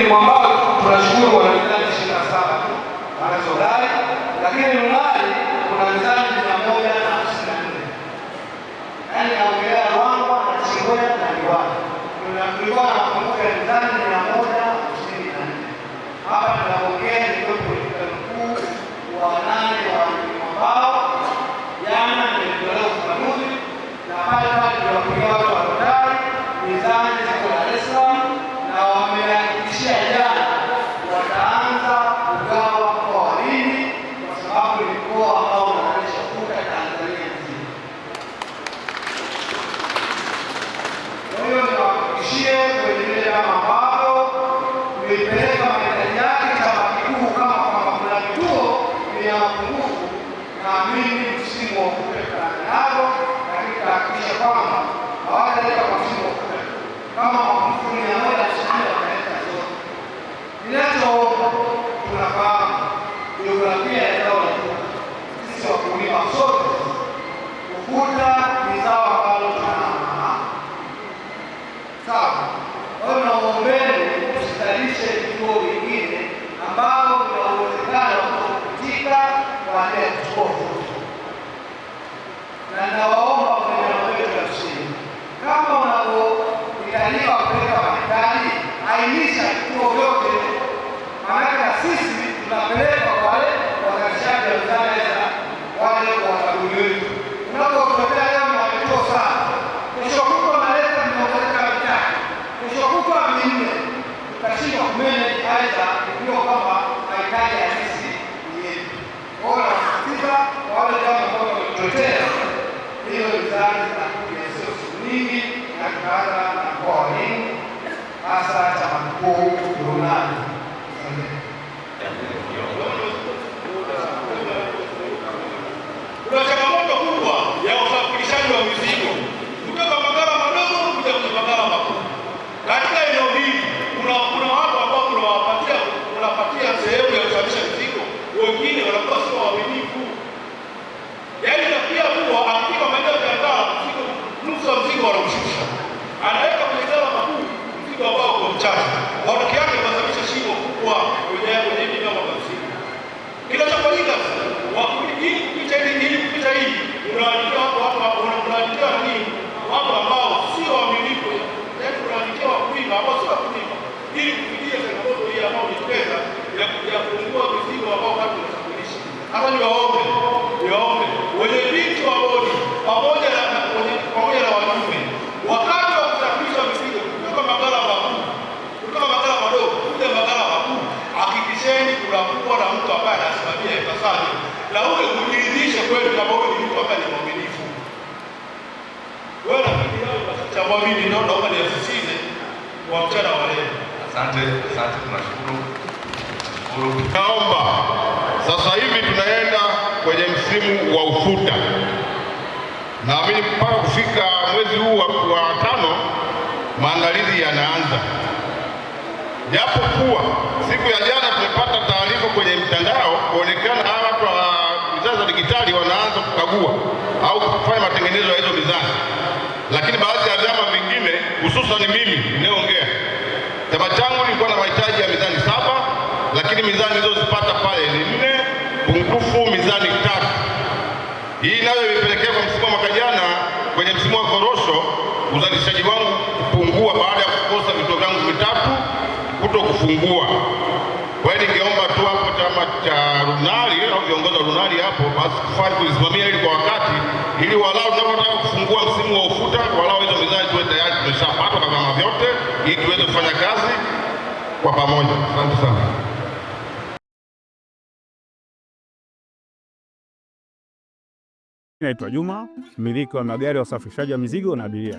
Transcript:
ambao tunashukuru wana mizani ishirini na saba wanazodai, lakini Rung'ali kuna mizani mia moja na hamsini na nne yaani naongelea Ruangwa na Chingwea na Liwale kulikuwa na mapungufu mizani mia moja hamsini na nne hapa tuwahakikishie kwenye ambavyo tulipeleka mahitaji yake chama kikuu, kama kwamba kuna vituo vya mapungufu, na msimu wa kupe nalo, lakini tahakikisha kwamba hawataleta kwa msimu wa kupe kama Waitetea hiyo vizazi na kuviezio siku nyingi na hasa chama hili leo naomba asisine kwa mchana wa leo. Asante, asante, tunashukuru. Naomba sasa hivi tunaenda kwenye msimu wa ufuta, naamini mpaka kufika mwezi huu wa tano maandalizi yanaanza, japo kuwa siku ya jana tumepata taarifa kwenye mtandao kuonekana hawa kwa mizani za digitali wanaanza kukagua au kufanya matengenezo ya hizo mizani, lakini yote mimi ninayoongea, chama changu nilikuwa na mahitaji ya mizani saba, lakini mizani nilizozipata pale ni nne pungufu mizani tatu. Hii nayo imepelekea kwa msimu wa mwaka jana, kwenye msimu wa korosho uzalishaji wangu kupungua baada ya kukosa vituo vyangu vitatu kuto kufungua. Kwa hiyo ningeomba tu hapo chama cha Runali au viongozi wa Runali hapo basi kufanya kulisimamia hili kwa wakati, ili walau tunapotaka kufungua msimu wa ufuta, walau hizo mizani tuwe tayari tumeshapata kwa vyama vyote, ili tuweze kufanya kazi kwa pamoja. Asante sana. Naitwa Juma, mmiliki wa magari ya usafirishaji wa mizigo na abiria.